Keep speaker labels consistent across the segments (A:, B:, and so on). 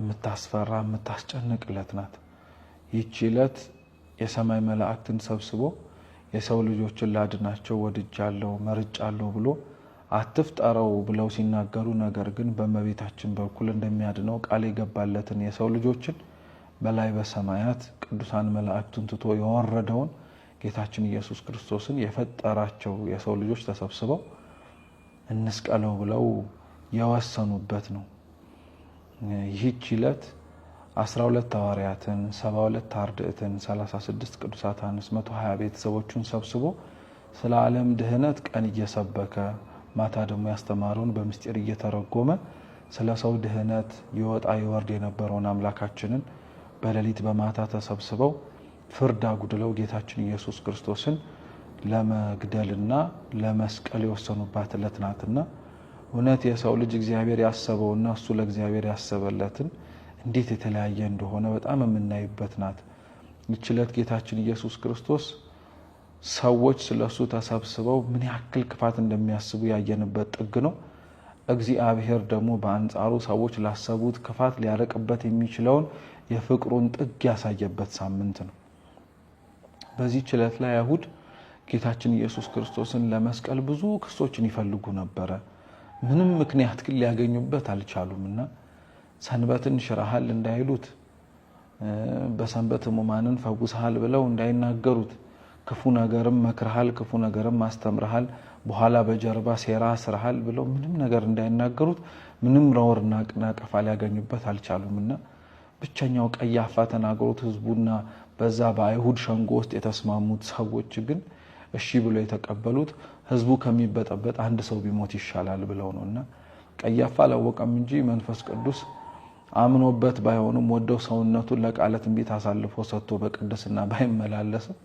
A: የምታስፈራ የምታስጨንቅ ዕለት ናት። ይቺ ዕለት የሰማይ መላእክትን ሰብስቦ የሰው ልጆችን ላድናቸው ወድጃለሁ መርጫለሁ ብሎ አትፍጠረው ብለው ሲናገሩ፣ ነገር ግን በእመቤታችን በኩል እንደሚያድነው ቃል የገባለትን የሰው ልጆችን በላይ በሰማያት ቅዱሳን መላእክቱን ትቶ የወረደውን ጌታችን ኢየሱስ ክርስቶስን የፈጠራቸው የሰው ልጆች ተሰብስበው እንስቀለው ብለው የወሰኑበት ነው። ይህች ዕለት 12 ሐዋርያትን፣ 72 አርድእትን፣ 36 ቅዱሳትንስ 120 ቤተሰቦቹን ሰብስቦ ስለ ዓለም ድህነት ቀን እየሰበከ ማታ ደግሞ ያስተማረውን በምስጢር እየተረጎመ ስለ ሰው ድህነት ይወጣ ይወርድ የነበረውን አምላካችንን በሌሊት በማታ ተሰብስበው ፍርድ አጉድለው ጌታችን ኢየሱስ ክርስቶስን ለመግደልና ለመስቀል የወሰኑባት ዕለት ናትና እውነት የሰው ልጅ እግዚአብሔር ያሰበውና እሱ ለእግዚአብሔር ያሰበለትን እንዴት የተለያየ እንደሆነ በጣም የምናይበት ናት። ይችለት ጌታችን ኢየሱስ ክርስቶስ ሰዎች ስለ እሱ ተሰብስበው ምን ያክል ክፋት እንደሚያስቡ ያየንበት ጥግ ነው። እግዚአብሔር ደግሞ በአንጻሩ ሰዎች ላሰቡት ክፋት ሊያረቅበት የሚችለውን የፍቅሩን ጥግ ያሳየበት ሳምንት ነው። በዚህ ችለት ላይ አይሁድ ጌታችን ኢየሱስ ክርስቶስን ለመስቀል ብዙ ክሶችን ይፈልጉ ነበረ። ምንም ምክንያት ግን ሊያገኙበት አልቻሉም እና ሰንበትን ሽረሃል እንዳይሉት በሰንበት ሙማንን ፈውሰሃል ብለው እንዳይናገሩት ክፉ ነገርም መክርሃል፣ ክፉ ነገርም አስተምርሃል፣ በኋላ በጀርባ ሴራ ስርሃል ብለው ምንም ነገር እንዳይናገሩት ምንም ረወርና ቅናቀፋ ሊያገኙበት አልቻሉም እና ብቸኛው ቀያፋ ተናግሮት ህዝቡና በዛ በአይሁድ ሸንጎ ውስጥ የተስማሙት ሰዎች ግን እሺ ብሎ የተቀበሉት ህዝቡ ከሚበጠበጥ አንድ ሰው ቢሞት ይሻላል ብለው ነው እና ቀያፋ አላወቀም እንጂ መንፈስ ቅዱስ አምኖበት ባይሆንም ወደው ሰውነቱን ለቃለ ትንቢት አሳልፎ ሰጥቶ በቅድስና ባይመላለስም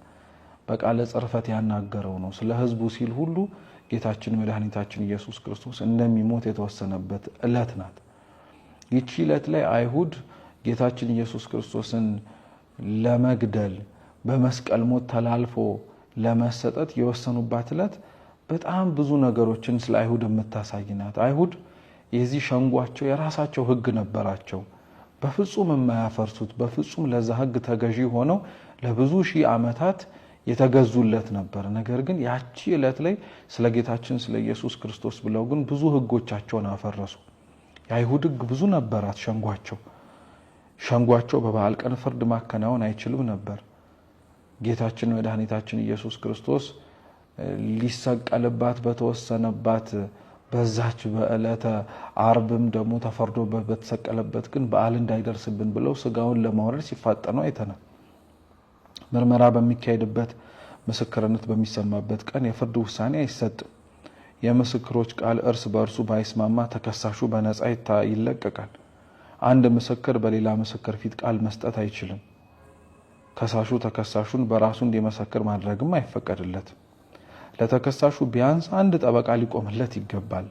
A: በቃለ ጽርፈት ያናገረው ነው። ስለ ህዝቡ ሲል ሁሉ ጌታችን መድኃኒታችን ኢየሱስ ክርስቶስ እንደሚሞት የተወሰነበት እለት ናት። ይቺ እለት ላይ አይሁድ ጌታችን ኢየሱስ ክርስቶስን ለመግደል በመስቀል ሞት ተላልፎ ለመሰጠት የወሰኑባት ዕለት በጣም ብዙ ነገሮችን ስለ አይሁድ የምታሳይ ናት። አይሁድ የዚህ ሸንጓቸው የራሳቸው ህግ ነበራቸው። በፍጹም የማያፈርሱት በፍጹም ለዛ ህግ ተገዢ ሆነው ለብዙ ሺህ ዓመታት የተገዙለት ነበር። ነገር ግን ያቺ ዕለት ላይ ስለ ጌታችን ስለ ኢየሱስ ክርስቶስ ብለው ግን ብዙ ህጎቻቸውን አፈረሱ። የአይሁድ ህግ ብዙ ነበራት ሸንጓቸው ሸንጓቸው በበዓል ቀን ፍርድ ማከናወን አይችልም ነበር። ጌታችን መድኃኒታችን ኢየሱስ ክርስቶስ ሊሰቀልባት በተወሰነባት በዛች በእለተ አርብም ደግሞ ተፈርዶበት በተሰቀለበት ግን በዓል እንዳይደርስብን ብለው ስጋውን ለማውረድ ሲፋጠኑ አይተናል። ምርመራ በሚካሄድበት ምስክርነት በሚሰማበት ቀን የፍርድ ውሳኔ አይሰጥም። የምስክሮች ቃል እርስ በእርሱ ባይስማማ ተከሳሹ በነፃ ይለቀቃል። አንድ ምስክር በሌላ ምስክር ፊት ቃል መስጠት አይችልም። ከሳሹ ተከሳሹን በራሱ እንዲመሰክር ማድረግም አይፈቀድለትም። ለተከሳሹ ቢያንስ አንድ ጠበቃ ሊቆምለት ይገባል።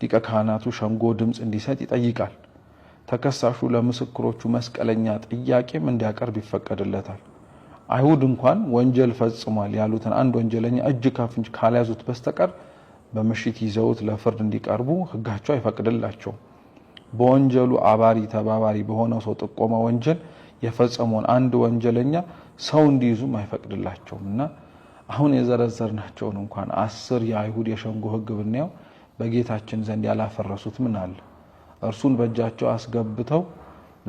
A: ሊቀ ካህናቱ ሸንጎ ድምፅ እንዲሰጥ ይጠይቃል። ተከሳሹ ለምስክሮቹ መስቀለኛ ጥያቄም እንዲያቀርብ ይፈቀድለታል። አይሁድ እንኳን ወንጀል ፈጽሟል ያሉትን አንድ ወንጀለኛ እጅ ከፍንጅ ካልያዙት በስተቀር በምሽት ይዘውት ለፍርድ እንዲቀርቡ ሕጋቸው አይፈቅድላቸውም። በወንጀሉ አባሪ ተባባሪ በሆነው ሰው ጥቆማ ወንጀል የፈጸመውን አንድ ወንጀለኛ ሰው እንዲይዙም አይፈቅድላቸውም እና አሁን የዘረዘርናቸውን እንኳን አስር የአይሁድ የሸንጎ ህግ ብናየው በጌታችን ዘንድ ያላፈረሱት ምን አለ? እርሱን በእጃቸው አስገብተው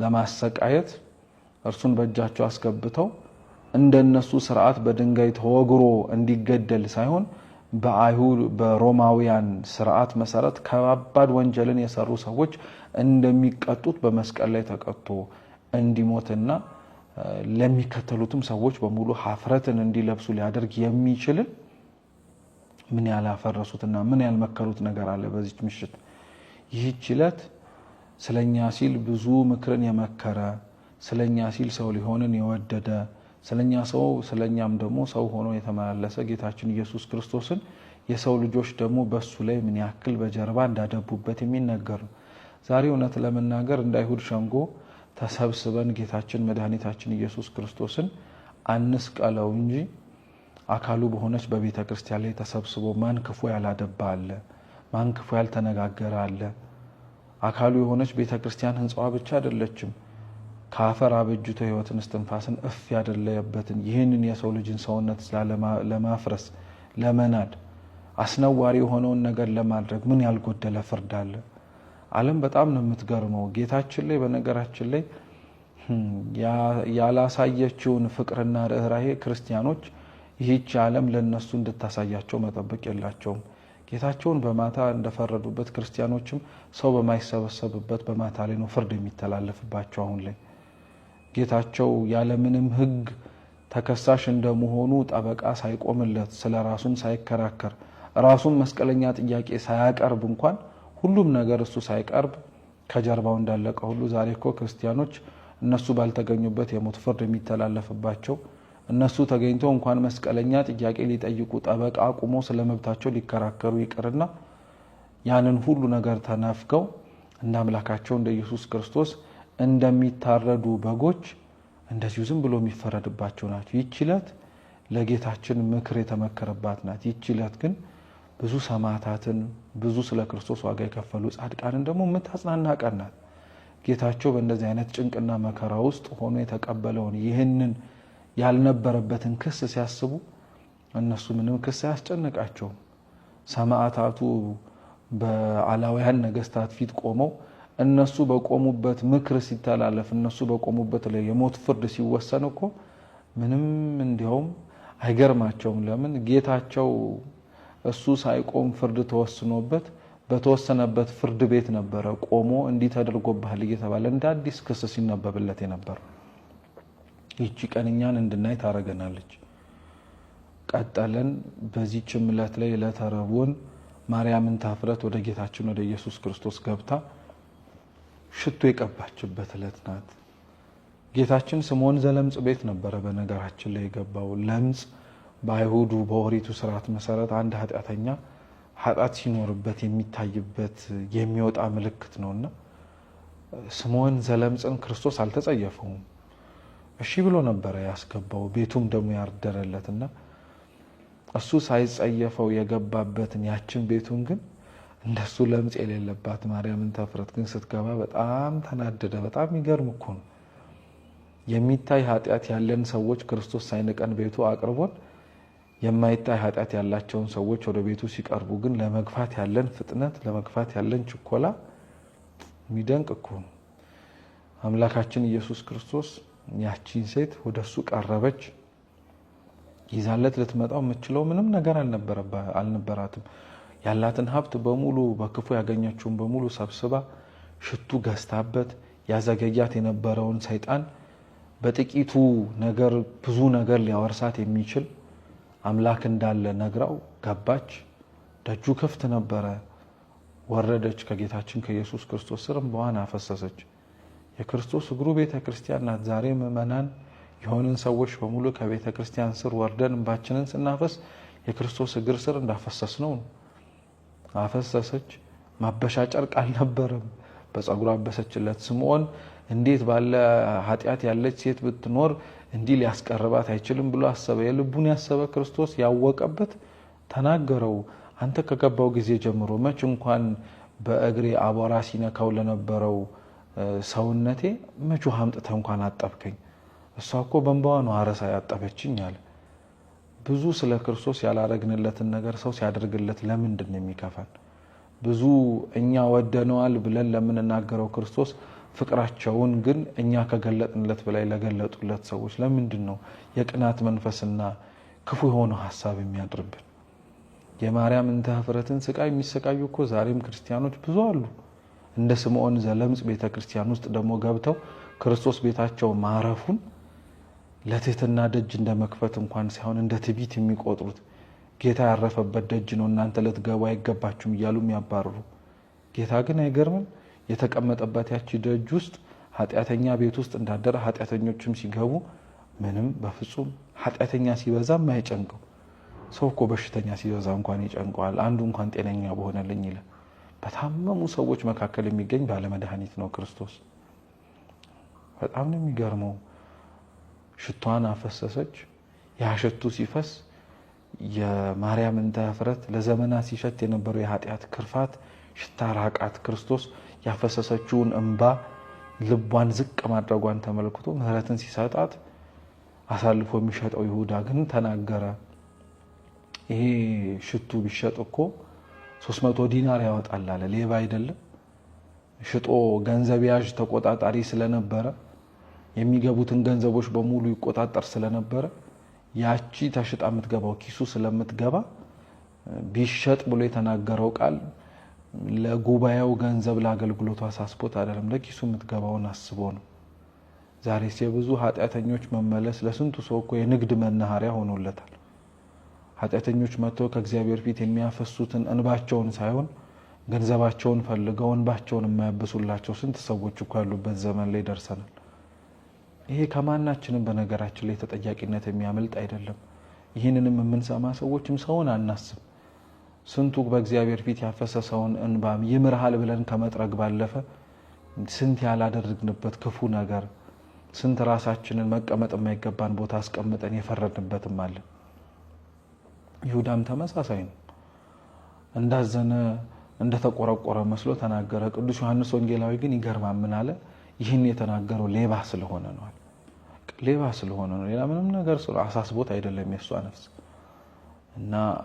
A: ለማሰቃየት እርሱን በእጃቸው አስገብተው እንደነሱ ስርዓት በድንጋይ ተወግሮ እንዲገደል ሳይሆን በአይሁድ በሮማውያን ስርዓት መሰረት ከባባድ ወንጀልን የሰሩ ሰዎች እንደሚቀጡት በመስቀል ላይ ተቀጥቶ እንዲሞትና ለሚከተሉትም ሰዎች በሙሉ ሀፍረትን እንዲለብሱ ሊያደርግ የሚችልን ምን ያላፈረሱትና ምን ያልመከሩት ነገር አለ። በዚች ምሽት ይህች ዕለት ስለኛ ሲል ብዙ ምክርን የመከረ ስለኛ ሲል ሰው ሊሆንን የወደደ ስለኛ ሰው ስለኛም ደግሞ ሰው ሆኖ የተመላለሰ ጌታችን ኢየሱስ ክርስቶስን የሰው ልጆች ደግሞ በሱ ላይ ምን ያክል በጀርባ እንዳደቡበት የሚነገር ነው። ዛሬ እውነት ለመናገር እንደ አይሁድ ሸንጎ ተሰብስበን ጌታችን መድኃኒታችን ኢየሱስ ክርስቶስን አንስቀለው እንጂ አካሉ በሆነች በቤተ ክርስቲያን ላይ ተሰብስቦ ማን ክፉ ያላደባ አለ? ማን ክፉ ያልተነጋገረ አለ? አካሉ የሆነች ቤተ ክርስቲያን ህንፃዋ ብቻ አይደለችም። ከአፈር አበጅቶ ህይወትን እስትንፋስን እፍ ያደለየበትን ይህንን የሰው ልጅን ሰውነት ለማፍረስ ለመናድ አስነዋሪ የሆነውን ነገር ለማድረግ ምን ያልጎደለ ፍርድ አለ? ዓለም በጣም ነው የምትገርመው። ጌታችን ላይ በነገራችን ላይ ያላሳየችውን ፍቅርና ርኅራሄ ክርስቲያኖች ይህች ዓለም ለእነሱ እንድታሳያቸው መጠበቅ የላቸውም። ጌታቸውን በማታ እንደፈረዱበት ክርስቲያኖችም ሰው በማይሰበሰብበት በማታ ላይ ነው ፍርድ የሚተላለፍባቸው። አሁን ላይ ጌታቸው ያለምንም ሕግ ተከሳሽ እንደመሆኑ ጠበቃ ሳይቆምለት ስለ ራሱም ሳይከራከር ራሱን መስቀለኛ ጥያቄ ሳያቀርብ እንኳን ሁሉም ነገር እሱ ሳይቀርብ ከጀርባው እንዳለቀ ሁሉ ዛሬ እኮ ክርስቲያኖች እነሱ ባልተገኙበት የሞት ፍርድ የሚተላለፍባቸው እነሱ ተገኝተው እንኳን መስቀለኛ ጥያቄ ሊጠይቁ ጠበቃ አቁሞ ስለ መብታቸው ሊከራከሩ ይቅርና ያንን ሁሉ ነገር ተነፍገው እንደ አምላካቸው እንደ ኢየሱስ ክርስቶስ እንደሚታረዱ በጎች እንደዚሁ ዝም ብሎ የሚፈረድባቸው ናቸው። ይችለት ለጌታችን ምክር የተመከረባት ናት። ይችለት ግን ብዙ ሰማዕታትን ብዙ ስለ ክርስቶስ ዋጋ የከፈሉ ጻድቃንን ደግሞ የምታጽናና ቀን ናት። ጌታቸው በእንደዚህ አይነት ጭንቅና መከራ ውስጥ ሆኖ የተቀበለውን ይህንን ያልነበረበትን ክስ ሲያስቡ እነሱ ምንም ክስ አያስጨንቃቸውም። ሰማዕታቱ በአላውያን ነገስታት ፊት ቆመው እነሱ በቆሙበት ምክር ሲተላለፍ እነሱ በቆሙበት ላይ የሞት ፍርድ ሲወሰን እኮ ምንም እንዲያውም አይገርማቸውም። ለምን ጌታቸው እሱ ሳይቆም ፍርድ ተወስኖበት በተወሰነበት ፍርድ ቤት ነበረ ቆሞ እንዲህ ተደርጎብሃል እየተባለ እንደ አዲስ ክስ ሲነበብለት የነበር። ይቺ ቀን እኛን እንድናይ ታረገናለች። ቀጠለን። በዚህ ዕለት ላይ ለተረቡን ማርያምን ታፍረት ወደ ጌታችን ወደ ኢየሱስ ክርስቶስ ገብታ ሽቶ የቀባችበት ዕለት ናት። ጌታችን ስምዖን ዘለምጽ ቤት ነበረ በነገራችን ላይ የገባው ለምጽ በአይሁዱ በኦሪቱ ስርዓት መሰረት አንድ ኃጢአተኛ ኃጢአት ሲኖርበት የሚታይበት የሚወጣ ምልክት ነውና ስምዖን ዘለምጽን ክርስቶስ አልተጸየፈውም። እሺ ብሎ ነበረ ያስገባው። ቤቱም ደግሞ እና እሱ ሳይጸየፈው የገባበትን ያችን ቤቱን ግን እንደሱ ለምጽ የሌለባት ማርያምን ተፍረት ግን ስትገባ በጣም ተናደደ። በጣም ይገርም እኮ ነው። የሚታይ ኃጢአት ያለን ሰዎች ክርስቶስ ሳይንቀን ቤቱ አቅርቦን የማይጣይ ኃጢአት ያላቸውን ሰዎች ወደ ቤቱ ሲቀርቡ ግን ለመግፋት ያለን ፍጥነት፣ ለመግፋት ያለን ችኮላ የሚደንቅ እኮ ነው። አምላካችን ኢየሱስ ክርስቶስ ያቺን ሴት ወደ እሱ ቀረበች። ይዛለት ልትመጣው የምችለው ምንም ነገር አልነበራትም። ያላትን ሀብት በሙሉ በክፉ ያገኘችውን በሙሉ ሰብስባ ሽቱ ገዝታበት ያዘገያት የነበረውን ሰይጣን በጥቂቱ ነገር ብዙ ነገር ሊያወርሳት የሚችል አምላክ እንዳለ ነግራው ገባች። ደጁ ክፍት ነበረ። ወረደች፣ ከጌታችን ከኢየሱስ ክርስቶስ ስርም በዋን አፈሰሰች። የክርስቶስ እግሩ ቤተ ክርስቲያን ናት። ዛሬ ምእመናን የሆንን ሰዎች በሙሉ ከቤተ ክርስቲያን ስር ወርደን እንባችንን ስናፈስ የክርስቶስ እግር ስር እንዳፈሰስ ነው። አፈሰሰች። ማበሻ ጨርቅ አልነበረም። በፀጉር አበሰችለት። ስምዖን እንዴት ባለ ኃጢአት ያለች ሴት ብትኖር እንዲህ ሊያስቀርባት አይችልም ብሎ አሰበ። የልቡን ያሰበ ክርስቶስ ያወቀበት ተናገረው። አንተ ከገባው ጊዜ ጀምሮ መች እንኳን በእግሬ አቧራ ሲነካው ለነበረው ሰውነቴ መች ውሃ አምጥተህ እንኳን አጠብከኝ? እሷ እኮ በእንባዋ ነው አረሳ ያጠበችኝ አለ። ብዙ ስለ ክርስቶስ ያላረግንለትን ነገር ሰው ሲያደርግለት ለምንድን ነው የሚከፋን? ብዙ እኛ ወደነዋል ብለን ለምንናገረው ክርስቶስ ፍቅራቸውን ግን እኛ ከገለጥንለት በላይ ለገለጡለት ሰዎች ለምንድን ነው የቅናት መንፈስና ክፉ የሆነው ሀሳብ የሚያድርብን? የማርያም እንተ ኅፍረትን ስቃይ የሚሰቃዩ እኮ ዛሬም ክርስቲያኖች ብዙ አሉ። እንደ ስምዖን ዘለምጽ ቤተ ክርስቲያን ውስጥ ደግሞ ገብተው ክርስቶስ ቤታቸው ማረፉን ለትህትና ደጅ እንደ መክፈት እንኳን ሳይሆን እንደ ትቢት የሚቆጥሩት ጌታ ያረፈበት ደጅ ነው እናንተ ልትገቡ አይገባችሁም እያሉ የሚያባርሩ ጌታ ግን አይገርምም? የተቀመጠበት ያቺ ደጅ ውስጥ ኃጢአተኛ ቤት ውስጥ እንዳደረ ኃጢአተኞችም ሲገቡ ምንም በፍጹም ኃጢአተኛ ሲበዛ ማይጨንቀው ሰው እኮ በሽተኛ ሲበዛ እንኳን ይጨንቀዋል። አንዱ እንኳን ጤነኛ በሆነልኝ ይለ በታመሙ ሰዎች መካከል የሚገኝ ባለመድኃኒት ነው ክርስቶስ። በጣም ነው የሚገርመው። ሽቷን አፈሰሰች። ያ ሽቱ ሲፈስ የማርያምን ተፍረት ለዘመናት ሲሸት የነበረው የኃጢአት ክርፋት ሽታ ራቃት ክርስቶስ ያፈሰሰችውን እንባ ልቧን ዝቅ ማድረጓን ተመልክቶ ምሕረትን ሲሰጣት አሳልፎ የሚሸጠው ይሁዳ ግን ተናገረ። ይሄ ሽቱ ቢሸጥ እኮ 300 ዲናር ያወጣል አለ። ሌባ አይደለም። ሽጦ ገንዘብ ያዥ ተቆጣጣሪ ስለነበረ የሚገቡትን ገንዘቦች በሙሉ ይቆጣጠር ስለነበረ ያቺ ተሽጣ የምትገባው ኪሱ ስለምትገባ ቢሸጥ ብሎ የተናገረው ቃል ለጉባኤው ገንዘብ ለአገልግሎቱ አሳስቦት አይደለም፣ ለኪሱ የምትገባውን አስቦ ነው። ዛሬ የብዙ ኃጢአተኞች መመለስ ለስንቱ ሰው እኮ የንግድ መናኸሪያ ሆኖለታል። ኃጢአተኞች መጥተው ከእግዚአብሔር ፊት የሚያፈሱትን እንባቸውን ሳይሆን ገንዘባቸውን ፈልገው እንባቸውን የማያብሱላቸው ስንት ሰዎች እኮ ያሉበት ዘመን ላይ ደርሰናል። ይሄ ከማናችንም በነገራችን ላይ ተጠያቂነት የሚያመልጥ አይደለም። ይህንንም የምንሰማ ሰዎችም ሰውን አናስብ ስንቱ በእግዚአብሔር ፊት ያፈሰሰውን እንባም ይምርሃል ብለን ከመጥረግ ባለፈ ስንት ያላደረግንበት ክፉ ነገር፣ ስንት ራሳችንን መቀመጥ የማይገባን ቦታ አስቀምጠን የፈረድንበትም አለ። ይሁዳም ተመሳሳይ ነው። እንዳዘነ እንደተቆረቆረ መስሎ ተናገረ። ቅዱስ ዮሐንስ ወንጌላዊ ግን ይገርማል። ምን አለ? ይህን የተናገረው ሌባ ስለሆነ ነው። ሌባ ስለሆነ ነው። ሌላ ምንም ነገር አሳስቦት አይደለም የእሷ ነፍስ እና